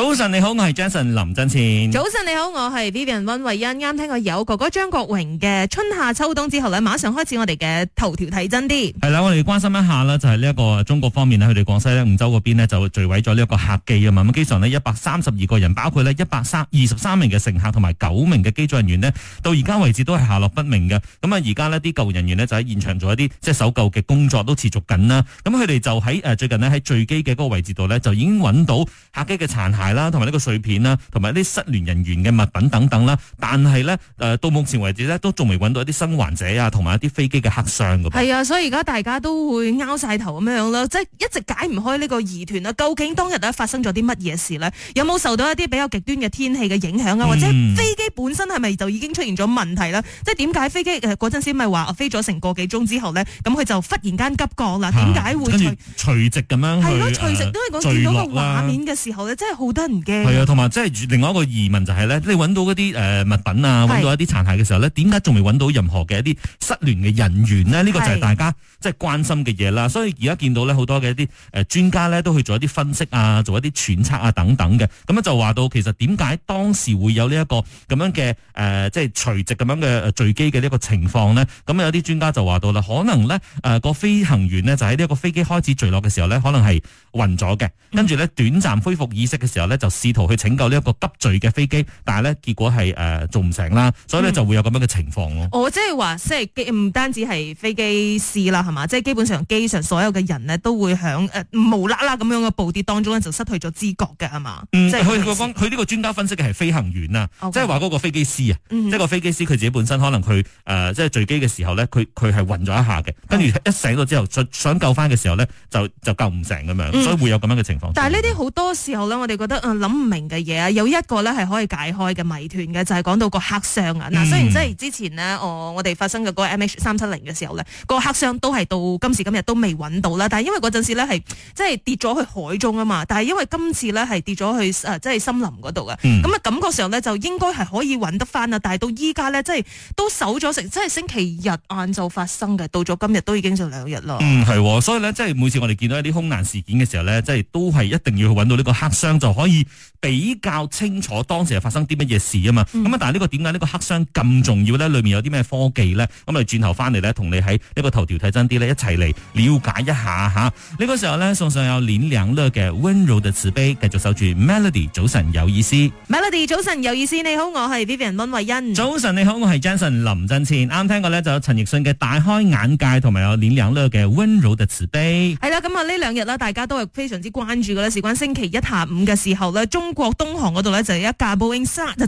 早晨你好，我係 Jason 林振前。早晨你好，我係 Vivian 溫慧欣。啱聽過有哥哥張國榮嘅春夏秋冬之後咧，馬上開始我哋嘅頭條睇真啲。係啦，我哋關心一下啦，就係呢一個中國方面咧，佢哋廣西咧梧州嗰邊咧就墜毀咗呢一個客機啊嘛。咁機上咧一百三十二個人，包括咧一百二十三名嘅乘客同埋九名嘅機組人員咧，到而家為止都係下落不明嘅。咁啊而家咧啲救護人員咧就喺現場做一啲即係搜救嘅工作都持續緊啦。咁佢哋就喺誒、呃、最近咧喺墜機嘅嗰個位置度咧就已經揾到客機嘅殘骸。係啦，同埋呢個碎片啦，同埋啲失聯人員嘅物品等等啦。但係咧，誒、呃、到目前為止咧，都仲未揾到一啲生還者啊，同埋一啲飛機嘅黑箱。噶嘛。係啊，所以而家大家都會拗晒頭咁樣樣啦，即係一直解唔開呢個疑團啊。究竟當日啊發生咗啲乜嘢事咧？有冇受到一啲比較極端嘅天氣嘅影響啊？或者飛機本身係咪就已經出現咗問題咧？嗯、即係點解飛機嗰陣時咪話飛咗成個幾鐘之後咧，咁佢就忽然間急降啦？點解會隨、啊、直咁樣係咯？隨、啊、直都係見到個畫面嘅時候咧，啊、真係好。好得人驚，係啊，同埋即係另外一個疑問就係、是、咧，你揾到嗰啲誒物品啊，揾到一啲殘骸嘅時候咧，點解仲未揾到任何嘅一啲失聯嘅人員呢？呢是個就係大家即係關心嘅嘢啦。所以而家見到咧，好多嘅一啲誒專家咧，都去做一啲分析啊，做一啲揣測啊等等嘅。咁就話到，其實點解當時會有呢一個咁樣嘅誒、呃，即係垂直咁樣嘅墜機嘅呢個情況呢。咁有啲專家就話到啦，可能呢誒個、呃、飛行員呢，就喺呢個飛機開始墜落嘅時候呢，可能係暈咗嘅，跟住呢，短暫恢復意識嘅時候。就試圖去拯救呢一個急墜嘅飛機，但係呢結果係誒、呃、做唔成啦，所以呢就會有咁樣嘅情況咯。我、嗯哦、即係話即係唔單止係飛機師啦，係嘛？即係基本上機上所有嘅人呢都會響誒、呃、無啦啦咁樣嘅暴跌當中呢就失去咗知覺嘅係嘛？即係佢呢個專家分析嘅係飛行員啊，即係話嗰個飛機師啊，嗯、即係個飛機師佢自己本身可能佢誒、呃、即係墜機嘅時候呢，佢佢係暈咗一下嘅，跟住一醒咗之後、嗯、想救翻嘅時候呢，就就救唔成咁樣，所以會有咁樣嘅情況。嗯、但係呢啲好多時候呢，我哋得諗唔明嘅嘢啊，有一個咧係可以解開嘅謎團嘅，就係、是、講到個黑箱啊。嗱、嗯，雖然即係之前呢，我我哋發生嘅嗰個 M H 三七零嘅時候呢，個黑箱都係到今時今日都未揾到啦。但係因為嗰陣時呢，係即係跌咗去海中啊嘛。但係因為今次呢，係跌咗去即係森林嗰度嘅，咁啊、嗯、感覺上呢，就應該係可以揾得翻啊。但係到依家呢，即係都守咗成即係星期日晏晝發生嘅，到咗今日都已經就兩日咯。係、嗯，所以呢，即係每次我哋見到一啲空難事件嘅時候呢，即係都係一定要去揾到呢個黑箱就。可以比較清楚當時係發生啲乜嘢事啊嘛？咁啊、嗯，但係、這、呢個點解呢個黑箱咁重要咧？裏面有啲咩科技咧？咁啊，轉頭翻嚟咧，同你喺呢個頭條睇真啲咧，一齊嚟了解一下嚇。呢、這個時候咧，送上有林良樂嘅溫柔的慈悲，繼續守住 Melody 早晨有意思。Melody 早晨有意思，你好，我係 Vivian 溫慧欣。早晨你好，我係 Jason 林振前。啱聽過咧，就有陳奕迅嘅大開眼界，同埋有林良樂嘅溫柔的慈悲。係啦，咁啊呢兩日呢，大家都係非常之關注嘅咧，事關星期一下午嘅之後呢，中國東航嗰度呢，就有一架 Boeing 737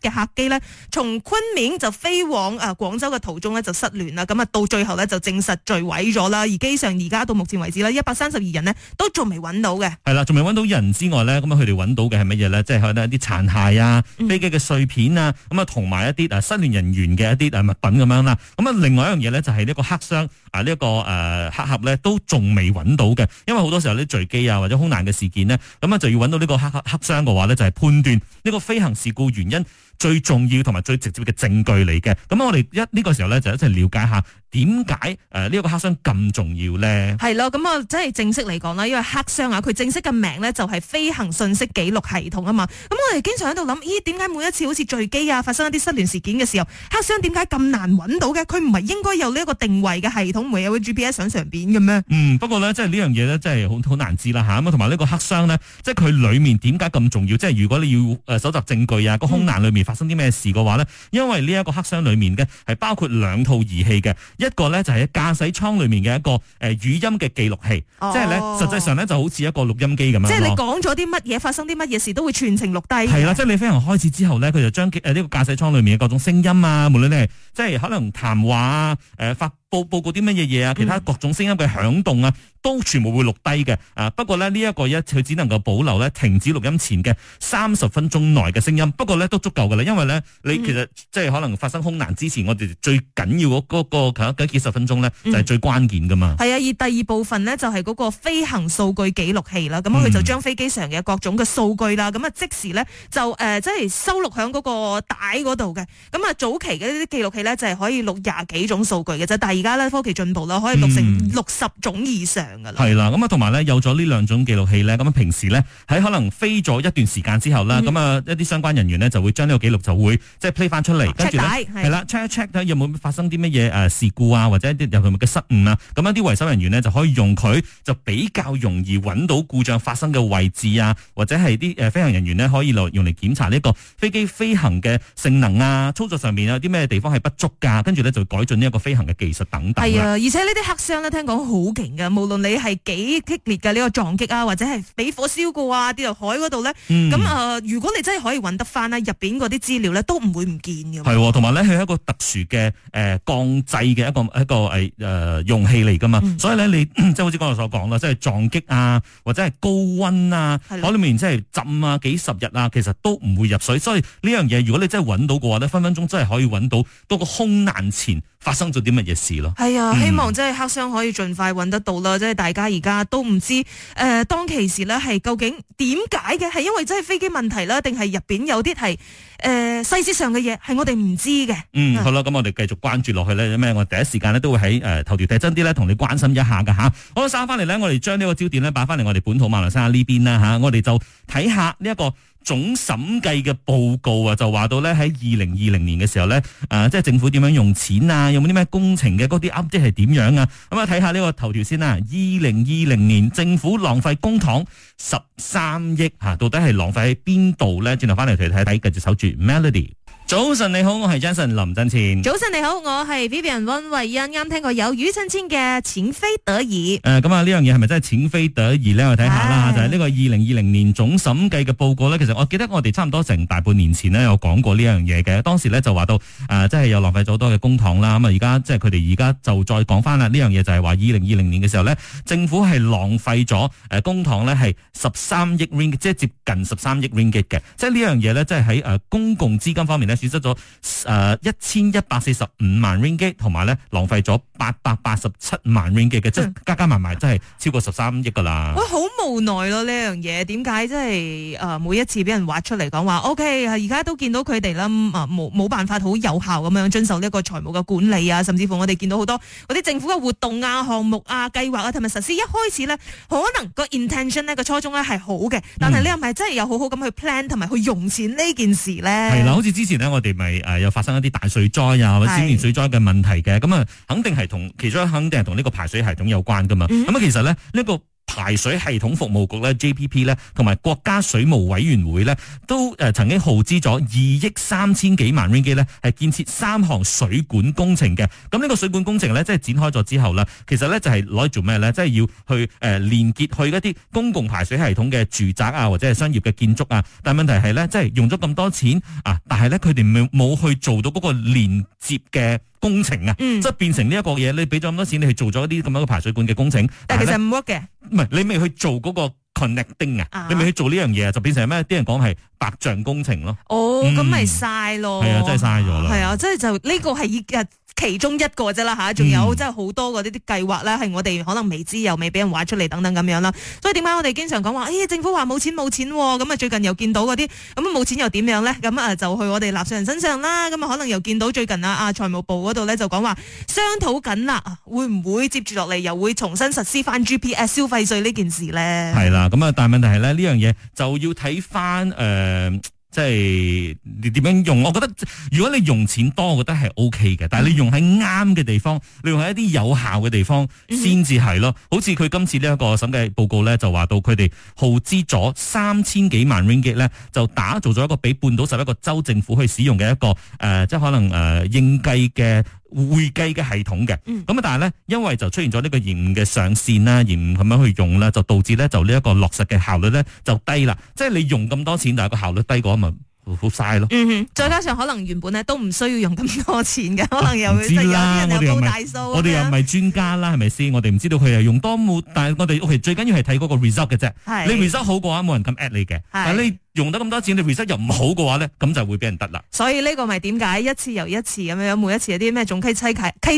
嘅客機呢，從昆明就飛往啊廣州嘅途中呢，就失聯啦。咁啊，到最後呢，就證實墜毀咗啦。而機上而家到目前為止呢，一百三十二人呢，都仲未揾到嘅。係啦，仲未揾到人之外呢，咁佢哋揾到嘅係乜嘢呢？即係呢，一啲殘骸啊、飛機嘅碎片啊，咁啊，同埋一啲失聯人員嘅一啲物品咁樣啦。咁啊，另外一樣嘢呢，就係呢個黑箱啊，呢個誒黑盒呢，都仲未揾到嘅。因為好多時候啲墜機啊或者空難嘅事件呢，咁啊就要揾到呢個。黑黑黑箱嘅話咧，就係判斷呢個飛行事故原因最重要同埋最直接嘅證據嚟嘅。咁我哋一呢個時候咧，就一齊了解下。點解誒呢一個黑箱咁重要咧？係咯，咁我即係正式嚟講啦，因為黑箱啊，佢正式嘅名咧就係飛行信息記錄系統啊嘛。咁我哋經常喺度諗，咦，點解每一次好似墜機啊，發生一啲失聯事件嘅時候，黑箱點解咁難揾到嘅？佢唔係應該有呢一個定位嘅系統，會有 G P S 上上邊嘅咩？嗯，不過咧，即係呢樣嘢咧，真係好好難知啦吓。咁同埋呢個黑箱咧，即係佢裏面點解咁重要？即係如果你要誒搜集證據啊，個空難裏面發生啲咩事嘅話咧，嗯、因為呢一個黑箱裏面嘅係包括兩套儀器嘅。一個咧就係駕駛艙裏面嘅一個誒語音嘅記錄器，oh. 即係咧實際上咧就好似一個錄音機咁樣。即係你講咗啲乜嘢，發生啲乜嘢事，都會全程錄低。係啦，即係你飛行開始之後咧，佢就將誒呢個駕駛艙裏面嘅各種聲音啊，無論你係即係可能談話啊，誒、呃、發。報報告啲乜嘢嘢啊，其他各種聲音嘅響動啊，都全部會錄低嘅。啊，不過咧呢一個一佢只能夠保留咧停止錄音前嘅三十分鐘內嘅聲音，不過咧都足夠噶啦，因為咧你、嗯、其實即係可能發生空難之前，我哋最緊要嗰、那個幾十分鐘咧就係最關鍵噶嘛。係啊，而第二部分呢，就係、是、嗰個飛行數據記錄器啦。咁佢就將飛機上嘅各種嘅數據啦，咁啊即時咧就誒、呃、即係收錄響嗰個帶嗰度嘅。咁啊，早期嘅啲記錄器咧就係、是、可以錄廿幾種數據嘅啫，就是、第二。而家咧，科技進步啦，可以錄成六十種以上噶啦。係啦，咁啊，同埋咧，有咗呢兩種記錄器咧，咁啊，平時咧喺可能飛咗一段時間之後啦，咁啊，一啲相關人員咧就會將呢個記錄就會即係 play 翻出嚟，跟住係啦，check 一 check 睇有冇發生啲乜嘢誒事故啊，或者一啲有佢嘅失誤啊，咁一啲維修人員咧就可以用佢，就比較容易揾到故障發生嘅位置啊，或者係啲誒飛行人員咧可以來用嚟檢查呢個飛機飛行嘅性能啊，操作上面有啲咩地方係不足噶，跟住咧就改進呢一個飛行嘅技術。係啊，而且呢啲黑箱咧，聽講好勁噶，無論你係幾激烈嘅呢，這個撞擊啊，或者係俾火燒過啊，跌入海嗰度咧，咁啊，嗯呃，如果你真係可以搵得翻咧，入邊嗰啲資料咧，都唔會唔見嘅。係，同埋咧，佢係一個特殊嘅誒，呃、鋼製嘅一個一個誒誒容器嚟噶嘛。嗯，所以咧，你即係好似剛才所講啦，即係撞擊啊，或者係高溫啊，啊海裏面即係浸啊，幾十日啊，其實都唔會入水。所以呢樣嘢，如果你真係搵到嘅話咧，分分鐘真係可以搵到嗰個空難前。發生咗啲乜嘢事咯？係啊，希望真係黑箱可以盡快揾得到啦！即係、嗯、大家而家都唔知，誒、呃，當其時咧係究竟點解嘅？係因為真係飛機問題啦，定係入邊有啲係誒細節上嘅嘢，係我哋唔知嘅。嗯，嗯嗯好啦，咁我哋繼續關注落去咧，有咩我第一時間咧都會喺誒、呃、頭條睇真啲咧，同你關心一下噶吓。好啦，翻嚟咧，我哋將呢個焦點咧擺翻嚟我哋本土馬來西亞呢邊啦吓，我哋就睇下呢一個。總審計嘅報告啊，就話到咧喺二零二零年嘅時候咧，誒、呃，即係政府點樣用錢啊，有冇啲咩工程嘅嗰啲 update 係點樣啊？咁、嗯、啊，睇下呢個頭條先啦。二零二零年政府浪費公帑十三億啊，到底係浪費喺邊度咧？轉頭翻嚟佢睇睇，繼續守住 Melody。早晨你好，我係 Jason 林振前。早晨你好，我係 Vivian 溫慧欣。啱聽過有庾澄慶嘅情非得已。誒、呃，咁啊呢樣嘢係咪真係情非得已呢？我睇下啦，唉就係呢個二零二零年總審計嘅報告呢。其實我記得我哋差唔多成大半年前呢，有講過呢樣嘢嘅。當時呢，就話到誒，即係又浪費咗好多嘅公帑啦。咁啊，而家即係佢哋而家就再講翻啦。呢樣嘢就係話二零二零年嘅時候呢，政府係浪費咗誒公帑呢，係十三億 Ringgit 即係接近十三億 Ringgit 嘅。即係呢樣嘢呢，即係喺誒公共資金方面呢。損失咗誒一千一百四十五萬 ringgit，同埋咧浪費咗八百八十七萬 ringgit 嘅、嗯，即係加加埋埋，真係超過十三億噶啦。喂好無奈咯、啊、呢樣嘢，點解即係每一次俾人挖出嚟講話 OK，而家都見到佢哋啦，啊冇冇辦法好有效咁樣遵守呢個個財務嘅管理啊，甚至乎我哋見到好多嗰啲政府嘅活動啊、項目啊、計劃啊同埋實施，一開始咧可能個 intention 呢，個初衷咧係好嘅，但係你係咪真係有好好咁去 plan 同埋去用錢呢件事咧？係啦、嗯，好似之前。我哋咪誒又發生一啲大水災啊，或者小型水災嘅問題嘅，咁啊是，肯定係同其中肯定係同呢個排水系統有關噶嘛。咁啊、嗯，其實咧呢、呢個。排水系統服務局咧、JPP 咧，同埋國家水務委員會咧，都誒曾經耗資咗二億三千幾萬 ringgit 咧，係建設三項水管工程嘅。咁呢個水管工程咧，即係展開咗之後咧，其實咧就係攞做咩咧？即係要去誒、呃、連接去一啲公共排水系統嘅住宅啊，或者係商業嘅建築啊。但係問題係咧，即係用咗咁多錢啊，但係咧佢哋冇冇去做到嗰個連接嘅。工程啊，嗯、即係變成呢一個嘢，你俾咗咁多錢，你去做咗一啲咁樣嘅排水管嘅工程，但係其實唔 work 嘅，唔係你未去做嗰個 connecting 啊，啊你未去做呢樣嘢，就變成咩？啲人講係白象工程咯，哦，咁咪嘥咯，係、嗯、啊，真係嘥咗啦，係啊，即係就呢、呢個係以日。其中一個啫啦吓，仲有即係好多嗰啲啲計劃啦，係我哋可能未知又未俾人畫出嚟，等等咁樣啦。所以點解我哋經常講話，咦、哎，政府話冇錢冇錢，咁啊最近又見到嗰啲咁冇錢又點樣咧？咁啊就去我哋納稅人身上啦。咁啊可能又見到最近啊啊財務部嗰度咧就講話商討緊啦，會唔會接住落嚟又會重新實施翻 GPS 消費稅呢件事咧？係啦，咁啊但係問題係咧呢樣嘢就要睇翻誒。呃即係你點樣用？我覺得如果你用錢多，我覺得係 OK 嘅。但係你用喺啱嘅地方，你用喺一啲有效嘅地方先至係咯。Mm hmm. 好似佢今次呢一個審計報告咧，就話到佢哋耗資咗三千幾萬 ringgit 呢就打造咗一個俾半島十一個州政府去使用嘅一個誒、呃，即係可能誒、呃、應計嘅。會計嘅系統嘅，咁啊但係咧，因為就出現咗呢個延誤嘅上線啦，延誤咁樣去用啦，就導致咧就呢一個落實嘅效率咧就低啦。即係你用咁多錢，但係個效率低過，咪好嘥咯。嗯哼，再加上可能原本咧都唔需要用咁多錢嘅，可能又會有啲人有高大數。我哋又唔係專家啦，係咪先？我哋唔知道佢係用多冇，但係我哋最緊要係睇嗰個 result 嘅啫。是你 result 好過話，冇人咁 at 你嘅。是但你。用得咁多錢，你 research 又唔好嘅話咧，咁就會俾人得啦。所以呢個咪點解一次又一次咁樣，每一次有啲咩總稽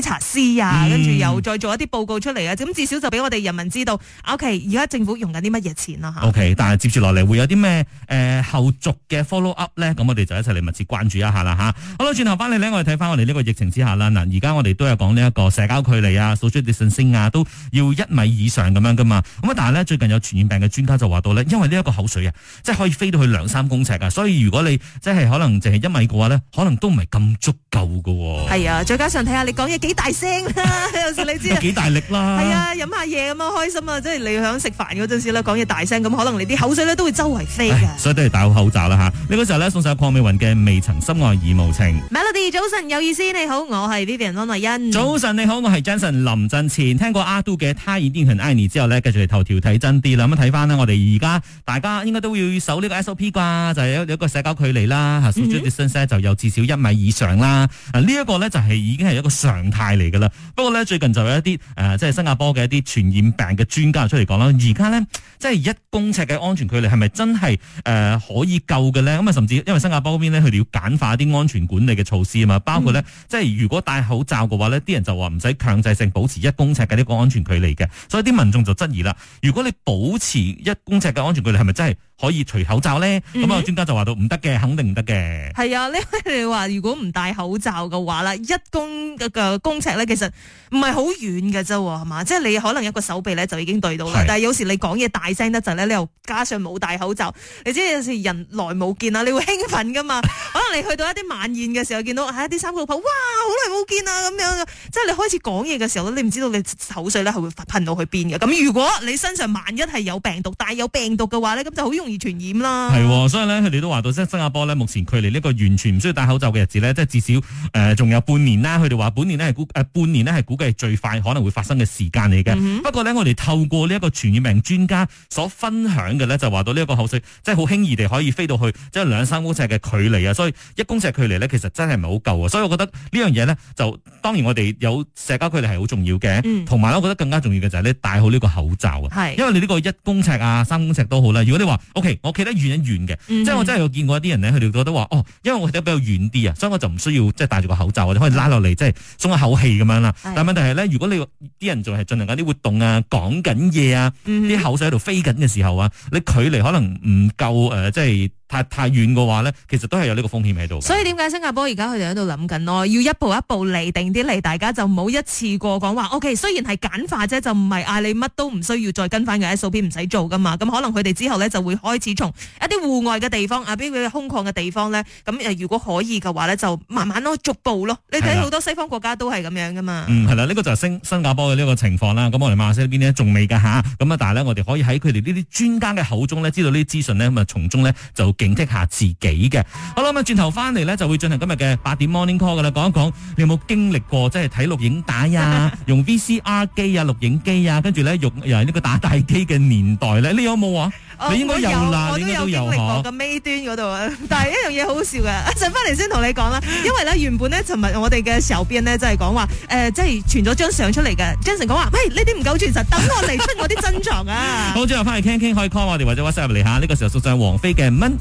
查司啊，跟住、嗯、又再做一啲報告出嚟啊，咁至少就俾我哋人民知道，O K，而家政府用緊啲乜嘢錢啊，OK，但係接住落嚟會有啲咩誒後續嘅 follow up 咧？咁我哋就一齊嚟密切關注一下啦，吓。好啦，轉頭翻嚟咧，我哋睇翻我哋呢個疫情之下啦，嗱，而家我哋都有講呢一個社交距離啊，social distancing 啊，都要一米以上咁樣噶嘛。咁啊，但係咧最近有傳染病嘅專家就話到咧，因為呢一個口水啊，即係可以飛到去兩三公尺啊，所以如果你即係可能淨係一米嘅話咧，可能都唔係咁足夠噶。係啊，再加上睇下你講嘢幾大聲，有時你知？幾大力啦！係啊，飲下嘢咁啊開心啊，即係你響食飯嗰陣時呢講嘢大聲，咁可能你啲口水咧都會周圍飛㗎。所以都係戴好口罩啦吓。呢個時候咧送晒鄺美雲嘅《未曾深愛已無情》。Melody 早晨有意思，你好，我係 Vivian 安麗欣。早晨你好，我係 Jason 林振前，聽過阿杜嘅《他一定很愛你》之後呢，繼續嚟，頭條睇真啲啦。咁睇翻咧，我哋而家大家應該都要搜呢個啩就係有一個社交距離啦 social distance 咧就有至少一米以上啦。啊，呢一個咧就係已經係一個常態嚟噶啦。不過咧，最近就有一啲誒、呃，即係新加坡嘅一啲傳染病嘅專家出嚟講啦。而家咧即係一公尺嘅安全距離係咪真係誒、呃、可以夠嘅咧？咁啊，甚至因為新加坡嗰邊咧佢哋要簡化一啲安全管理嘅措施啊嘛，包括咧、嗯、即係如果戴口罩嘅話咧，啲人就話唔使強制性保持一公尺嘅呢個安全距離嘅，所以啲民眾就質疑啦。如果你保持一公尺嘅安全距離，係咪真係可以除口罩咧？咁啊、mm，hmm. 專家就話到唔得嘅，肯定唔得嘅。係啊，你話如果唔戴口罩嘅話啦，一公嘅公尺咧，其實唔係好遠嘅啫，係嘛？即係你可能一個手臂咧就已經對到啦。是但係有時你講嘢大聲得滯咧，你又加上冇戴口罩，你即係有時人耐冇見啊，你會興奮嘅嘛？ 可能你去到一啲晚宴嘅時候，見到啊啲三個老婆」，「哇，好耐冇見啊咁樣，即係你開始講嘢嘅時候咧你唔知道你口水咧係會噴到去邊嘅。咁如果你身上萬一係有病毒，但帶有病毒嘅話咧，咁就好容易。易傳染啦，係、哦、所以咧佢哋都話到，新加坡咧，目前距離呢個完全唔需要戴口罩嘅日子咧，即係至少誒仲、呃、有半年啦。佢哋話本年咧係估誒、呃、半年咧係估計係最快可能會發生嘅時間嚟嘅。嗯、哼不過咧，我哋透過呢一個傳染病專家所分享嘅咧，就話到呢一個口水，即係好輕易地可以飛到去，即係兩三公尺嘅距離啊。所以一公尺距離咧，其實真係唔係好夠啊。所以我覺得呢樣嘢咧，就當然我哋有社交距離係好重要嘅，同埋、嗯、我覺得更加重要嘅就係咧戴好呢個口罩啊。係是因為你呢個一公尺啊、三公尺都好啦。如果你話 O.K. 我企得遠一遠嘅，mm hmm. 即係我真係有見過一啲人咧，佢哋覺得話，哦，因為我企得比較遠啲啊，所以我就唔需要即係戴住個口罩或者可以拉落嚟，即係鬆下口氣咁樣啦。Mm hmm. 但問題係咧，如果你啲人仲係進行緊啲活動啊，講緊嘢啊，啲、mm hmm. 口水喺度飛緊嘅時候啊，你距離可能唔夠誒、呃，即係。太太遠嘅話咧，其實都係有呢個風險喺度。所以點解新加坡而家佢哋喺度諗緊咯？要一步一步嚟，定啲嚟，大家就唔好一次過講話。OK，雖然係簡化啫，就唔係嗌，你乜都唔需要再跟翻嘅 S O P 唔使做噶嘛。咁可能佢哋之後咧就會開始從一啲戶外嘅地方啊，比如佢空曠嘅地方咧，咁誒如果可以嘅話咧，就慢慢咯，逐步咯。你睇好多西方國家都係咁樣噶嘛。嗯，係啦，呢個就係新新加坡嘅呢個情況啦。咁我哋馬西邊咧仲未噶吓，咁啊，但係咧我哋可以喺佢哋呢啲專家嘅口中咧，知道呢啲資訊咧，咁啊從中咧就。警惕下自己嘅，好啦咁啊！轉頭翻嚟咧，就會進行今日嘅八點 morning call 噶啦，講一講你有冇經歷過即係睇錄影帶呀，用 VCR 機啊、錄影機啊，跟住咧用誒呢個打大機嘅年代咧，你有冇啊？哦、你應該有啦，我都有。我都有。我嘅尾端嗰度，但係一樣嘢好笑嘅，一陣翻嚟先同你講啦，因為咧原本咧，尋日我哋嘅時候邊咧，就係講話誒，即係傳咗張相出嚟嘅，Jason 講話，喂呢啲唔夠傳實，等我嚟出我啲珍藏啊！好，最後翻去傾傾，可以 call 我哋或者 WhatsApp 嚟下。呢、這個時候送上王菲嘅《